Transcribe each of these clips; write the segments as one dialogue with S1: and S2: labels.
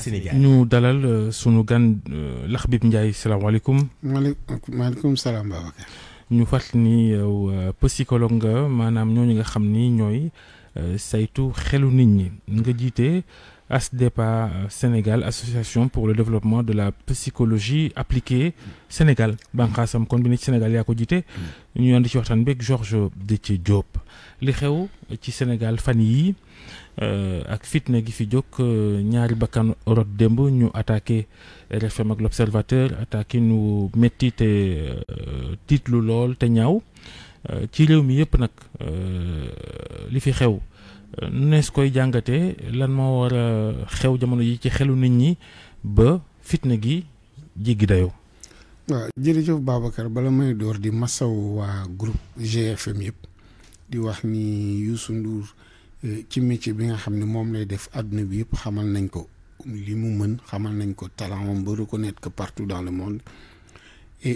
S1: Sénégal
S2: ñu dalal euh, suñu gan lax euh, Laxbib Ndiaye salaamaaleykum.
S1: maaleykum maaleykum salaam Babacar.
S2: ñu fàttali ni yow euh, psychologue nga maanaam ñooñu nga xam ni ñooy saytu xelu nit ñi nga jiite. ASDEPA Sénégal association pour le développement de la psychologie appliquée Sénégal banqaasam kon bi ne ci Sénégal yaa ko jiite. Mm. ñu ànd ci waxtaan beeg Georges Déthié Diop. li xew ci Sénégal fan yii euh, ak fitna gi fi jóg euh, ñaari bakkan rot démb ñu attaqué RFM ak l'Observateur attaqué nu métti te euh, tiitlu lool te ñaaw ci réew mi yëpp nag li fi xew. ne su koy jàngatee lan moo war a xew jamono yi ci xelu nit ñi ba fitna gi jéggi dayoo.
S1: waaw jërëjëf Babacar bala may door di masaw waa groupe GFM yëpp di wax ni Youssou nduur eh, ci métier bi nga xam ne moom lay def àdduna bi yëpp xamal nañ ko li mu mën xamal nañ ko talent am ba reconnaître ko partout dans le monde.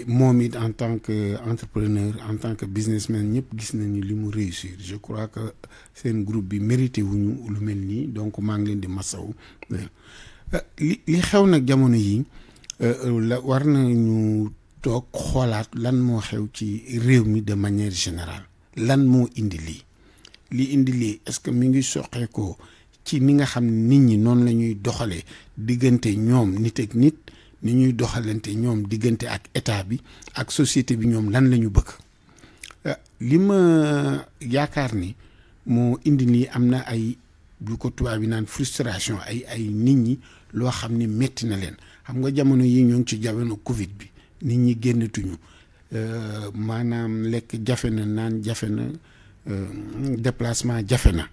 S1: moom it en tant que entrepreneur en tant que businessman ñëpp gis nañu li mu réussir je crois que seen groupe bi mérité wuñu lu mel nii donc maa ngi leen di masaw euh, li li xew nag jamono yi euh, la war nañu toog xoolaat lan moo xew ci réew mi de manière général lan moo indi lii li indi lii est-ce que mi ngi soqeekoo ci ni nga xam nit ñi noonu lañuy ñuy doxalee diggante ñoom nit ak nit ni ñuy doxalante ñoom diggante ak état bi ak société bi ñoom lan la ñu bëgg euh, li ma yaakaar ni moo indi nii am na ay lu ko tubaab yi naan frustration ay ay nit ñi loo xam ni métti na leen xam nga jamono yi ñoo ngi ci jamono Covid bi nit ñi génnatuñu euh, maanaam lekk jafe na naan jafe na euh, déplacement jafe na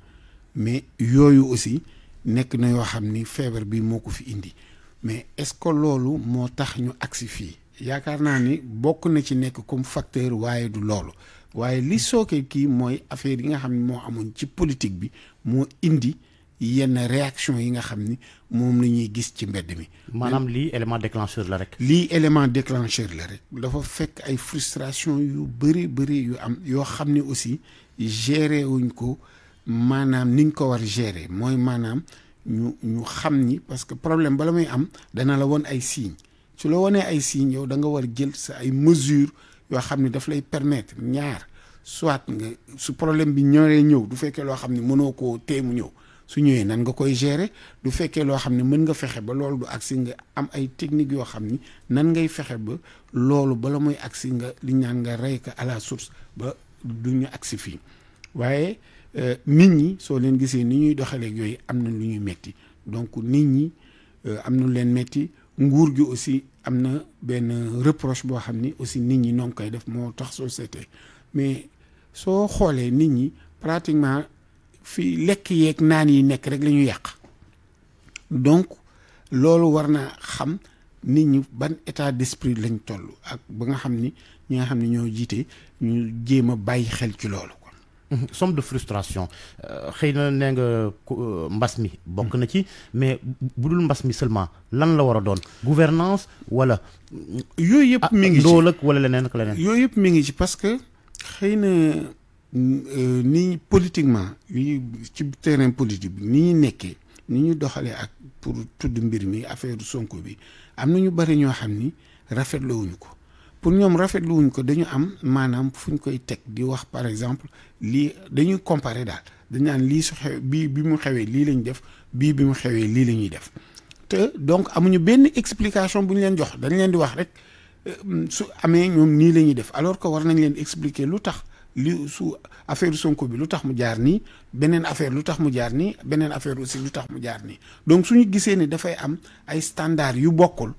S1: mais yooyu aussi nekk na yoo xam ni feebar bi moo ko fi indi mais est-ce que loolu moo tax ñu agsi fii yaakaar naa ni bokk na ci nekk comme facteur waaye du loolu waaye li sooke kii mooy affaire yi nga xam ne moo amuñ ci politique bi moo indi yenn réaction yi nga xam ni moom la ñuy gis ci mbedd mi. maanaam lii élément déclencheur la rek. lii élément déclencheur la rek dafa fekk ay frustration yu bëri bëri yu am yoo xam ne aussi gérer wuñ ko maanaam niñ ko war gérer mooy maanaam. ñu ñu xam ni parce que problème bala muy am dana la woon ay signes su la wonee ay signes yow danga nga war jël sa ay mesures yoo xam ni daf lay permettre ñaar soit nga su problème bi ñoree ñëw du fekkee loo xam ni mënoo koo teemu ñëw su ñëwee nan nga koy gérer du fekkee loo xam ni mën nga fexe ba loolu du agsi nga am ay technique yoo xam ni nan ngay fexe ba loolu ba la muy agsi nga li ñaan nga rey ko à la source ba du ñu agsi fii waaye. Euh, nit ñi soo leen gisee ni ñuy doxaleeg yooyu am na lu ñuy metti donc nit ñi euh, am na lu leen metti nguur gi aussi am na benn reproche boo xam ni aussi nit ñi noonu koy def moo tax société mais soo xoolee nit ñi pratiquement fii lekk yeeg naan yi nekk rek la ñu yàq donc loolu war na xam nit ñi ban état d'esprit lañ toll ak ba nga xam ni ñi nga xam ni ñoo jiite ñu jéem a bàyyi xel ci loolu Mhm. somme de frustration euh, xëy na nee nga euh, mbas mi bokk na ci mais bu dul mbas mi seulement lan la war a doon gouvernance wala euh, yooyu yëpp mi ngi ci ndool wala leneen ak leneen yooyu yëpp mi ngi ci parce que xëy na ni politiquement yi ci terrain politique bi ni ñu nekkee ni ñu doxalee ak pour tudd mbir mi affaire Sonko bi am na ñu bari ñoo xam ni rafetloowuñu ko pour ñoom rafetlu wuñ ko dañu am maanaam fu ñu koy teg di wax par exemple lii dañuy comparer daal dañ naan lii su xew bii bi mu xewee lii lañ def bii bi mu xewee lii la def te donc amuñu benn explication bu ñu leen jox dañ leen di wax rek euh, su amee ñoom nii la ñuy def alors que war nañ leen expliquer lu tax li su affaire Sonko bi lu tax mu jaar nii beneen affaire lu tax mu jaar nii beneen affaire aussi lu tax mu jaar nii donc su ñu gisee ne dafay am ay standards yu bokkul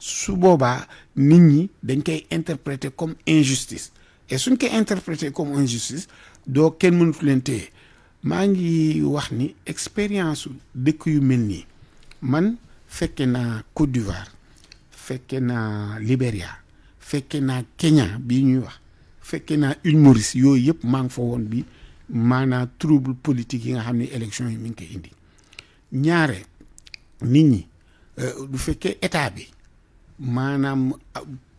S1: su boobaa nit ñi dañ koy interpréter comme injustice et suñ koy interpréter comme injustice doo kenn mënatu leen téye maa ngi wax ni expérience dëkk yu mel nii man fekke naa Côte d'Ivoire fekke naa Libéria fekke naa Kenya bii ñuy wax fekke naa Île Maurice yooyu yëpp maa ngi fa woon bi maanaa trouble politique yi nga xam ne élection yi mi ngi koy indi ñaare nit ñi du euh, fekkee état bi maanaam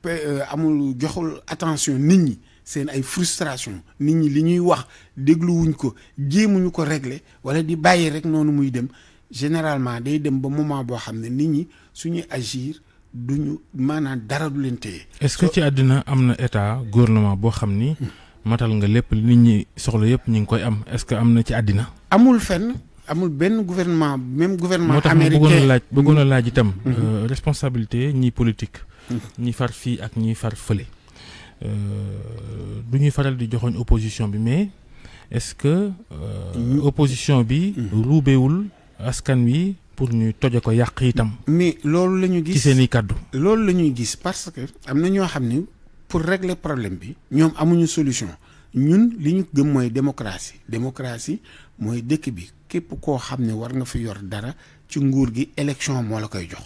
S1: euh, amul joxul attention nit ñi seen ay frustration nit ñi li ñuy wax dégluwuñ ko jéemuñu ko régler wala di bàyyi rek noonu muy dem généralement day dem ba moment boo xam ne nit ñi suñu agir duñu maanaam dara du leen téye.
S2: est ci àddina am na état gouvernement boo xam ni. Hmm. matal nga lépp nit ñi soxla yëpp ñu ngi koy am est-ce que am na ci àddina.
S1: amul fenn. amul benn gouvernement même gouvernement américain moo tax bëggoon a laaj
S2: bëggoon a laaj itam. Mm-hmm. Euh, responsabilité ñi politique. Mm-hmm. ñi far fii ak ñi far fële. Euh, du ñuy faral di joxoñ opposition bi mais est-ce que. Euh, mm-hmm. opposition bi. ruubewul askan wi pour ñu toje ko yàq itam.
S1: mais loolu la ñu gis ci seen i kàddu. loolu la ñuy gis parce que am na ñoo xam ni pour régler problème bi. ñoom amuñu solution ñun li ñu gëm mooy démocratie démocratie mooy dëkk bi. képp koo xam ne war nga fi yor dara ci nguur gi élection moo la koy jox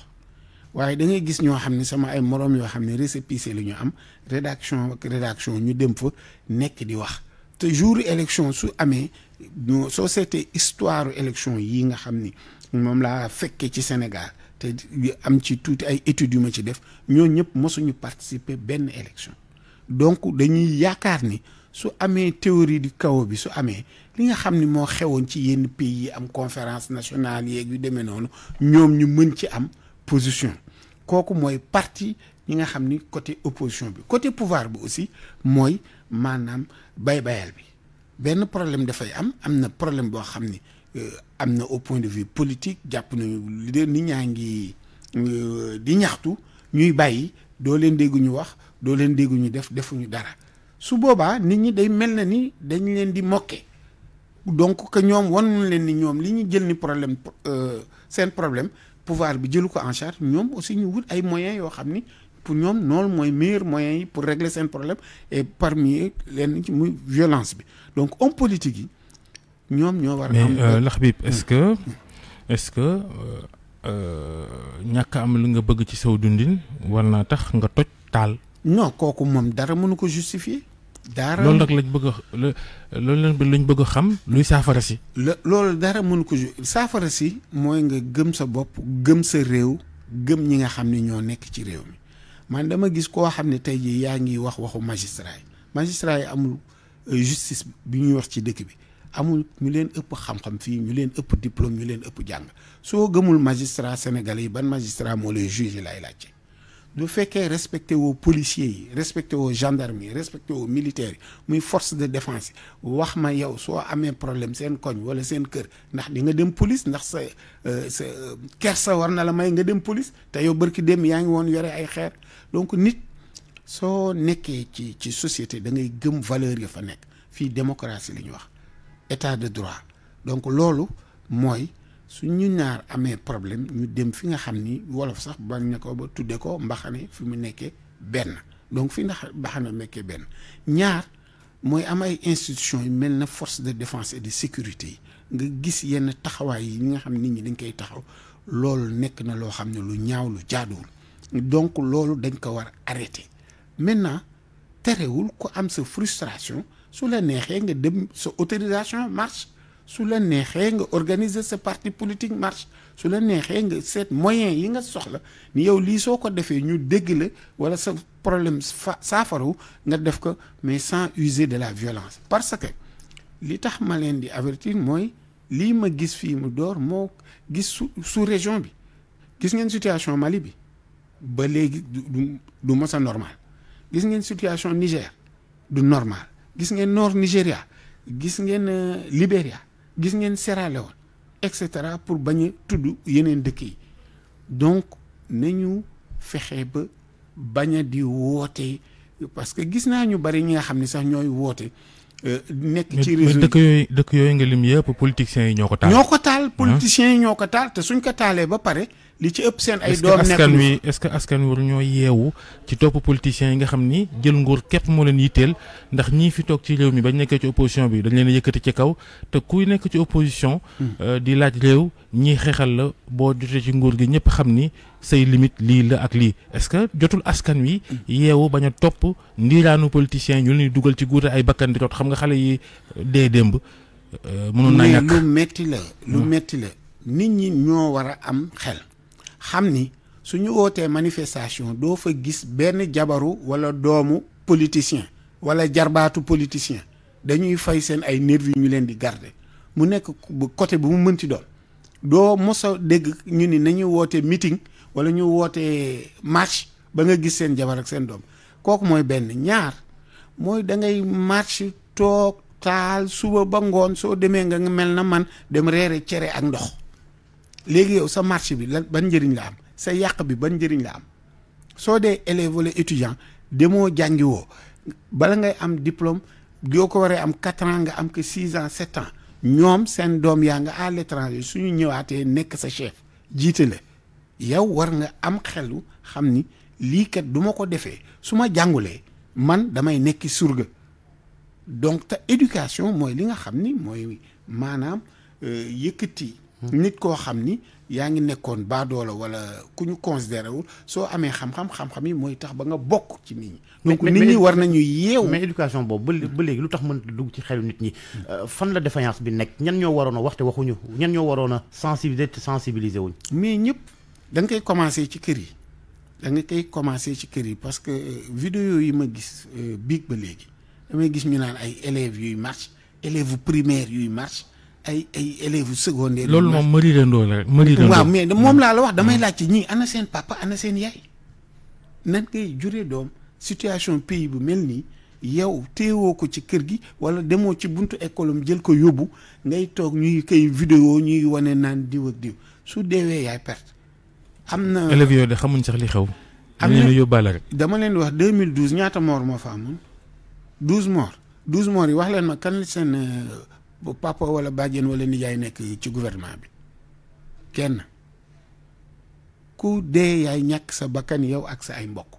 S1: waaye da ngay gis ñoo xam ni sama ay moroom yoo xam ne récépissé la ñu am rédaction ak ñu dem fa nekk di wax te jour élection su amee soo seetee histoire élection yi nga xam ni moom laa fekkee ci Sénégal te am ci tuuti ay études yu ma ci def ñoo ñëpp mosuñu participer benn élection donc dañuy yaakaar ni su amee théorie di chaos bi su amee li nga xam ni moo xewoon ci yenn pays yi am conférence nationale yeeg yu demee noonu ñoom ñu mën ci am position kooku mooy parti ñi nga xam ni côté opposition bi côté pouvoir bi aussi mooy maanaam bay-bayal bi benn problème dafay am am na problème boo xam ni euh, am na au point de vue politique jàpp nañu li nit ñaa ngi euh, di ñaxtu ñuy bàyyi doo leen dégg ñu wax doo leen dégg ñu def defuñu dara su boobaa nit ñi day mel na ni dañ leen di mokke donc que ñoom wan leen ni ñoom li ñu jël ni problème euh, seen problème pouvoir bi jëlu ko en charge ñoom aussi ñu wut ay moyens yoo xam ni pour ñoom noonu mooy meilleur moyen yi pour régler seen problème et parmi leen ci muy violence bi donc homme politique yi ñoom ñoo war a am mais euh, Laxbib est mm.
S2: que est-ce que euh, ñàkk am lu nga bëgg ci saw dundin war naa tax nga toj taal
S1: non kooku moom dara mënu ko justifier dara loolu nag
S2: lañ bëgg a loolu lañ bëgg a xam luy saafara si.
S1: lool dara mënu ko saafara si mooy nga gëm sa bopp gëm sa réew gëm ñi nga xam ne ñoo nekk ci réew mi man dama gis koo xam ne tey jii yaa ngi wax waxu magistrat yi magistrat yi amul euh, justice bi ñuy wax ci dëkk bi amul ñu leen ëpp xam-xam fii ñu leen ëpp diplôme ñu leen ëpp jàng soo gëmul magistrat sénégalais yi ban magistrat moo lay jugé lay laajte. bu fekkee respecté woo policiers yi respecté woo gendarme yi respecté woo militaires yi muy force de défense wax ma yow soo amee problème seen koñ wala seen kër ndax di nga dem police ndax sa euh, sa euh, kersa war na la may nga dem police te yow bërki dem yaa ngi woon yore ay xeer donc nit soo nekkee ci ci société da ngay gëm valeur ya fa nekk fii démocratie li ñu wax état de droit donc loolu mooy su ñu ñaar amee problème ñu dem fi nga xam ni wolof sax bañ na ko ba tudde ko mbaxane fi mu nekkee benn donc fi ndax mbaxane nekkee benn ñaar mooy am ay institutions yu mel na force de défense et de sécurité yi nga gis yenn taxawaay yi nga xam nit ñi dañ koy taxaw loolu nekk na loo xam ne lu ñaaw lu jaaduwul donc loolu dañ ko war a arrêté maintenant terewul ku am sa frustration su la neexee nga dem sa autorisation marche su la neexee nga organiser sa parti politique marche su la neexee nga seet moyen yi nga soxla ni yow lii soo ko defee ñu dégg la wala sa problème fa saafaru nga def ko mais sans user de la violence parce que li tax ma leen di avertir mooy lii ma gis fii mu door moo gis su sous région bi gis ngeen situation Mali bi ba léegi du mosa mos normal gis ngeen situation Niger du normal gis ngeen nord Nigéria gis ngeen euh, Libéria gis ngeen Sierra Leone et pour bañ a tudd yeneen dëkk yi donc ne ñu fexe ba bañ di wootee parce que gis naa ñu bari ñi nga xam ne sax ñooy woote. Euh, nekk ci réseau dëkk
S2: yooyu dëkk yooyu nga lim yëpp politiciens yi ñoo ko taal. ñoo ko taal politiciens
S1: yi ñoo ko taal te suñ ko taalee ba pare li ci ëpp seen ay doom nekk wi
S2: est-ce que askan wi ñoo yeewu ci topp politiciens yi nga xam ni jël nguur képp moo leen yitteel ndax ñii fi toog ci réew mi bañ nekkee ci opposition bi dañ leen yëkkati ci kaw te kuy nekk ci opposition. Hmm. Euh, di laaj réew ñii xeexal la boo jotee ci nguur gi ñëpp xam ni say limite lii la ak lii est que jotul askan wi. Hmm. yeewu bañ a topp ndiiraanu politiciens ñu leen dugal ci guute ay bakkan di xam nga xale yi euh, dee démb. Euh, mënoon naa ñàkk lu la lu hmm.
S1: metti nit ñi ñoo war a am xel. xam ni suñu wootee manifestation doo fa gis benn jabaru wala doomu politicien wala jarbaatu politicien dañuy fay seen ay nervi ñu leen di garder mu nekk côté bu mu mënti doon doo mos a dégg ñu ni nañu wootee meeting wala ñu wootee marche ba nga gis seen jabar ak seen doom kooku mooy benn ñaar mooy da ngay marche toog taal suba ba ngoon soo demee nga mel na man dem reere cere ak ndox léegi yow sa marché bi lan ban njëriñ la am sa yàq bi ban njëriñ la am soo dee élève wala étudiant demoo jàngi woo bala ngay am diplôme yoo ko waree am quatre ans nga am que six ans sept ans ñoom seen doom yaa nga à l'étranger suñu ñëwaatee nekk sa chef jiite la yow war nga am xelu xam ni lii kat du ma ko defee su ma jàngulee man damay nekki surga donc te éducation mooy li nga xam ni mooy maanaam euh, yëkkati. nit koo xam ni yaa ngi nekkoon baadoola wala ku ñu considéré wul soo amee xam-xam xam-xam yi mooy tax ba nga bokk ci nit ñi. donc nit ñi war nañu yeewu. mais éducation boobu ba léegi lu tax mën dugg ci xelu nit ñi euh, fan la défaillance bi nekk ñan ñoo waroon a waxte waxuñu ñan ñoo waroon a sensibiliser te sensibiliser wuñ. mais ñëpp danga nga koy commencé ci kër yi da nga koy commencé ci kër yi parce que euh, vidéo yi ma gis euh, biig ba léegi damay gis ñu naan ay élèves yuy marche élèves primaires yuy marche. ay ay élèves secondaires. loolu moom mëri
S2: rendoo la mëri rendoo waaw
S1: mais moom laa la wax damay hmm. laaj ci ñii ana seen papa ana seen yaay nan ngay jure doom situation pays bu mel nii yow téewoo ko ci kër gi wala demoo ci buntu école am jël ko yóbbu ngay toog ñuy koy vidéo ñuy wane naan diw ak diw su deewee yaay perte. am na élèves
S2: yooyu de xamuñ sax li xew. am na yóbbaale rek.
S1: dama leen wax mille 2012 ñaata moor moo fa amoon 12 moor 12 moor yi wax leen ma kan seen euh, bu papa wala bàjjen wala nijaay nekk ci gouvernement bi kenn ku dee yaay ñàkk sa bakkan yow ak sa ay mbokk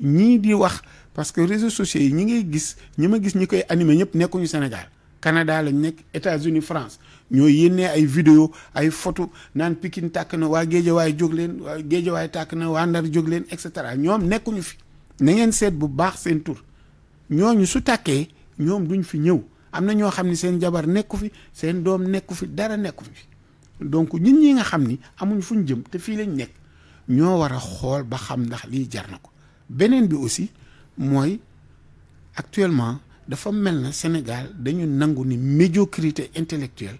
S1: ñii di wax parce que réseaux sociaux yi ñi ngay gis ñi ma gis ñi koy animé ñëpp nekkuñu Sénégal Canada lañ nekk États-Unis France ñoo yénnee ay vidéo ay photo naan Pikine tàkk na waa waaye jóg leen waa waaye tàkk na waa Ndar jóg leen et cetera ñoom nekkuñu fi na ngeen seet bu baax seen tur ñooñu su tàkkee ñoom duñ fi ñëw am na ñoo xam ni seen jabar nekku fi seen doom nekku fi dara nekku fi donc ñun ñi nga xam ni amuñ fu ñu jëm te fii lañ nekk ñoo war a xool ba xam ndax lii jar na ko beneen bi aussi mooy actuellement dafa mel na Sénégal dañu nangu ni médiocrité intellectuelle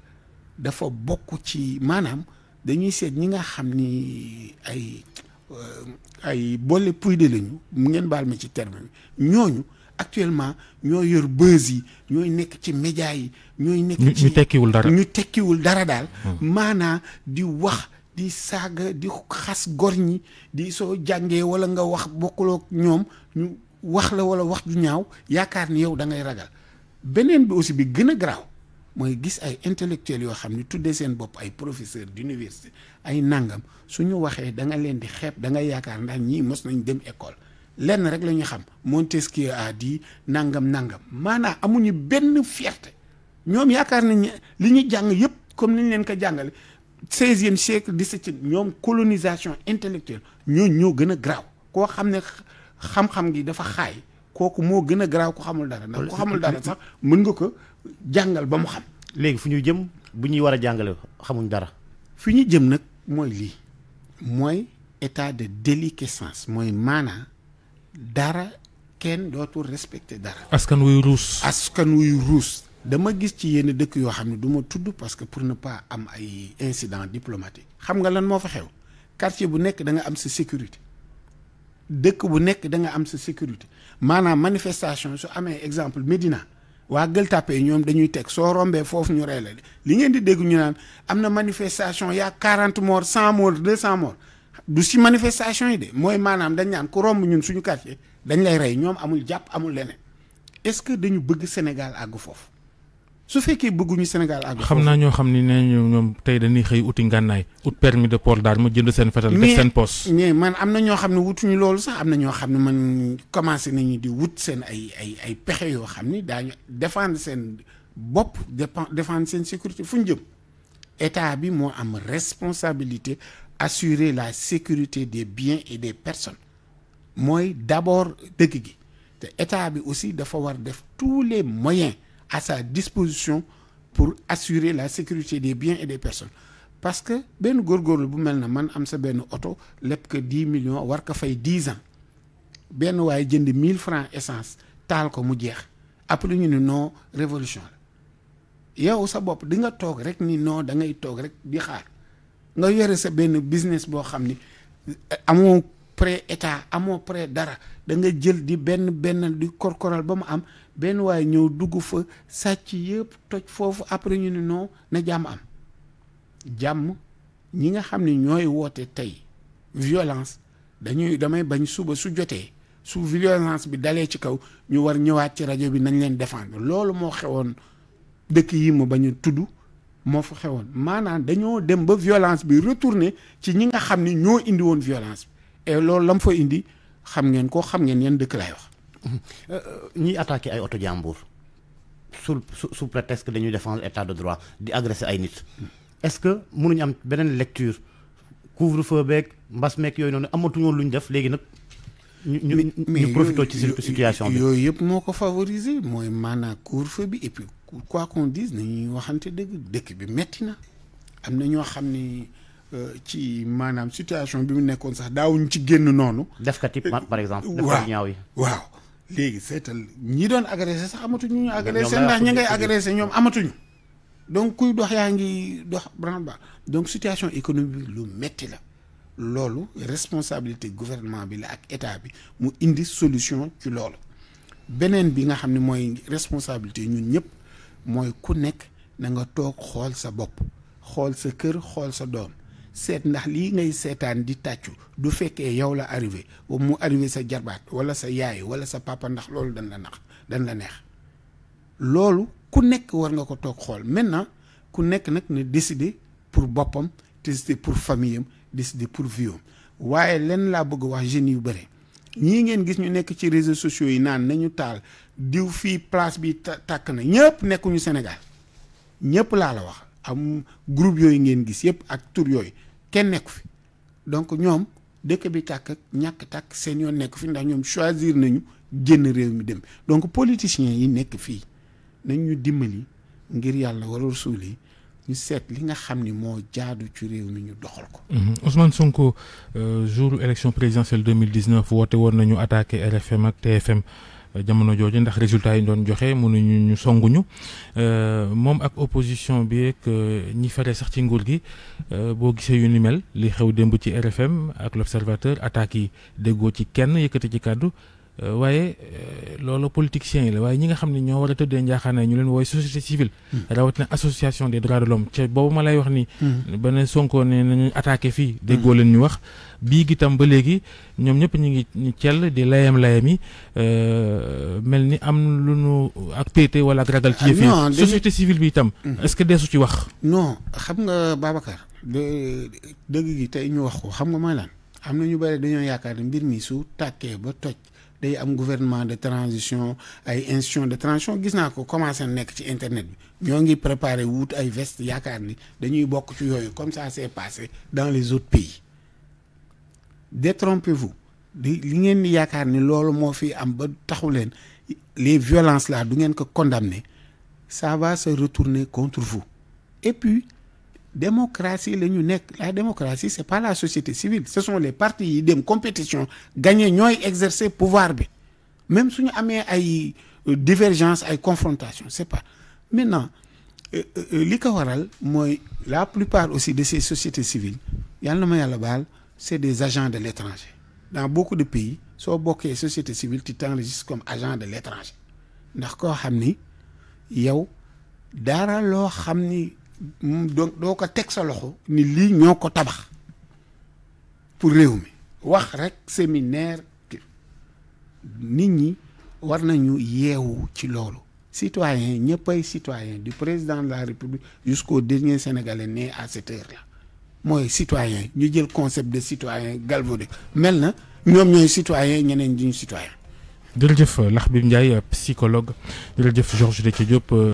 S1: dafa bokk ci maanaam dañuy seet ñi nga xam ni ay euh, ay boole puy de lañu mu ngeen baal ma ci terme ñooñu actuellement ñoo yor buzz yi ñooy nekk ci média yi ñooy nekk ci ñu tekkiwul dara ñu tekkiwul dara daal hmm. maanaa di wax di saaga di xas gor ñi di soo jàngee wala nga wax bokkulook ñoom ñu wax la wala wax ju ñaaw yaakaar ni yow da ngay ragal beneen bi aussi bi gën a garaaw mooy gis ay intellectuels yoo xam ne tuddee seen bopp ay professeur d'université ay nangam su ñu waxee da nga leen di xeeb dangay yaakaar ndax ñii mos nañ dem école lenn rek la ñuy xam Montesquieu a dit nangam nangam maanaam amuñu benn fierté ñoom yaakaar nañ li ñu jàng yëpp comme ni leen ko jàngale seizième siècle dix ñoom colonisation intellectuelle ñoo ñoo gën a garaaw koo xam ne xam gi dafa xaay kooku moo gën a garaaw ko xamul dara ndax ko xamul dara sax mën nga ko jàngal ba mu xam léegi fu ñu jëm bu ñuy war a jàngale xamuñ dara fi ñu jëm nag mooy lii mooy état de déliquescence mooy maanaa dara kenn dootul respecté dara.
S2: askan wuy ruus.
S1: askan wuy ruus. dama gis ci yenn dëkk yoo xam ne du ma tudd parce que pour ne pas am ay incident diplomatique xam nga lan moo fa xew quartier bu nekk da nga am sa sécurité dëkk bu nekk da nga am sa sécurité maanaam manifestation su amee exemple Médina waa Gueule Tapée ñoom dañuy teg soo rombee foofu ñu rey la li ngeen di dégg ñu naan am na manifestation yaa quarante morts cent morts deux cent morts du si manifestation yi de mooy maanaam dañ naan ku romb ñun suñu quartier dañ lay rey ñoom amul jàpp amul leneen est-ce que dañu bëgg Sénégal àgg foofu su fekkee bëgguñu Sénégal àgg foofu. xam naa ñoo
S2: xam ne nee ñu ñoom tey dañuy xëy uti ngànnaay ut permis de port ma jënd seen fetal. def seen poste
S1: mais man am na ñoo xam ne wutuñu loolu sax am na ñoo xam ne man commencé nañu di wut seen ay ay ay pexe yoo xam ni daa défendre seen bopp défendre seen sécurité fu jëm état bi moo am responsabilité assurer la sécurité des biens et des personnes mooy d'abord dëgg gi te état bi aussi dafa war def tous les moyens à sa disposition pour assurer la sécurité des biens et des personnes parce que benn góorgóorlu bu mel na man am sa benn oto lépp que dix millions war ko fay dix ans benn waaye jënd mille francs essence taal ko mu jeex après ñu ne non révolution la yow sa bopp di nga toog rek ni non da ngay toog rek di xaar nga yore sa benn business boo xam ni amoo prêt état amoo prêt dara da nga jël di benn benn di korkoral ba mu am benn waaye ñëw dugg fa sàcc yëpp toj foofu après ñu ne non na jàmm am jàmm ñi nga xam ni ñooy woote tey violence dañuy damay bañ suba su jotee su violence bi dalee ci kaw ñu war ñëwaat ci rajo bi nañ leen défendre loolu moo xewoon dëkk yi ma bañ tudd moo fu xewoon maanaam dañoo dem ba violence bi retourné ci ñi nga xam ni ñoo indi woon violence bi et loolu la mu fa indi xam ngeen koo xam ngeen yan dëkk lay wax. Euh, euh, ñiy attaqué ay oto jàmbur su su prétexte que dañuy défendre état de droit di agressé ay nit est-ce que mënuñu am beneen lecture couvre-feu beeg mbas meeg yooyu noonu amatuñoo lu ñu def léegi nag. ñu ñu ñu profité ci situation bi. yooyu yëpp moo ko favoriser mooy maanaam couvre bi et quoi qu'on dise nañuy waxante dëgg dëkk bi metti na am na ñoo xam ni euh, ci maanaam situation bi mu nekkoon sax daawuñ ci génn noonu. defkati par exemple. ñaaw yi waaw léegi seetal ñi doon agressé sax amatuñu ñu agressé ndax ñi ngay agressé ñoom amatuñu. donc kuy dox yaa ngi dox branle-bas donc situation économique lu metti la loolu responsabilité gouvernement bi la ak état bi mu indi solution ci loolu beneen bi nga xam ne mooy responsabilité ñun ñëpp. mooy ku nekk na nga toog xool sa bopp xool sa kër xool sa doom seet ndax lii ngay seetaan di tàccu du fekkee yow la arrivé mu arrivé sa jarbaat wala sa yaay wala sa papa ndax loolu dan la nax dan la neex loolu ku nekk war nga ko toog xool maintenant ku nekk nag ne décider pour boppam décider pour famille am décider pour vie waaye lenn laa bëgg wax jeunes yu bëri ñii ngeen gis ñu nekk ci réseau sociaux yi naan nañu taal diw fii place bi takk na ñëpp nekkuñu senegal ñëpp laa la wax am groupe yooyu ngeen gis yëpp ak tur yooyu kenn nekku fi donc ñoom dëkk bi tàkk ñàkk tàkk seen yoon nekk fi ndax ñoom choisir nañu génn réew mi dem donc politiciens yi nekk fii nañ ñu dimbali ngir yàlla warul suul yi ñu seet li nga xam ni moo jaadu ci réew mi ñu doxal
S2: ko. Mhm. Ousmane Sonko euh, jour élection présidentielle deux mille dix neuf woote woon nañu attaqué RFM ak TFM euh, jamono jooju ndax résultat yi doon joxe mënuñu ñu songuñu euh, moom ak opposition bi ak ñi fare sax ci nguur gi boo gisee yu ni mel li xew démb ci RFM ak l' observateur attaques yi déggoo ci kenn yëkkati ci kàddu waaye loolu politiciens yi la waaye ñi nga xam ne ñoo war a tëddee njaaxaanaay ñu leen wooy société civile hmm. rawatina association des droits de l'homme ca boobu ma lay wax ni hmm. ba ne Sonko ne nañu attaqué fii hmm. déggoo leen ñu wax bii gi tam ba léegi ñoom ñëpp ñu ngi ñu cell di layam-layam yi euh, mel ni am lu nu ak pété wala ak ragal ci ah, yëf yi société bi itam est-ce que deesu ci
S1: wax non xam nga Babacar dëgg gi tey ñu wax ko xam nga mooy lan am na ñu bëri dañoo yaakaar ne mbir mi su tàkkee ba toj day am gouvernement de transition ay institution de transition gis naa ko commencé nekk ci internet bi ñoo ngi préparé wut ay vest yaakaar ni dañuy bokk ci yooyu comme ça c'est passé dans les autres pays détrompez-vous di li ngeen di yaakaar ni loolu moo fi am ba taxu leen les violences là du ngeen ko condamner ça va se retourner contre vous et puis démocratie la ñu nekk la démocratie c'est pas la société civile ce sont les partis yi dem compétition gagné ñooy exercer pouvoir bi même suñu amee ay euh, divergence ay confrontation c'est pas maintenant euh, euh, li ko waral mooy la plupart aussi de ces sociétés civiles yàlla na ma yàlla baal c'est des agents de l'étranger dans beaucoup de pays soo bokkee société civile tu t'enregistres comme agent de l'étranger ndax koo xam ni yow dara loo xam ni donc doo ko teg sa loxo nit lii ñoo ko tabax pour réew mi wax rek séminaire nit ñi war nañu yeewu ci loolu citoyen ñëppay citoyen du président de la république jusqu'au dernier sénégalais né à cette heure là mooy citoyen ñu jël concept de citoyen galvaudé mel na ñoom ñooy citoyen ñeneen duñu citoyen
S2: jërëjëf Lakhbib Ndiaye psychologue jërëjëf Georges Déthié Diop euh,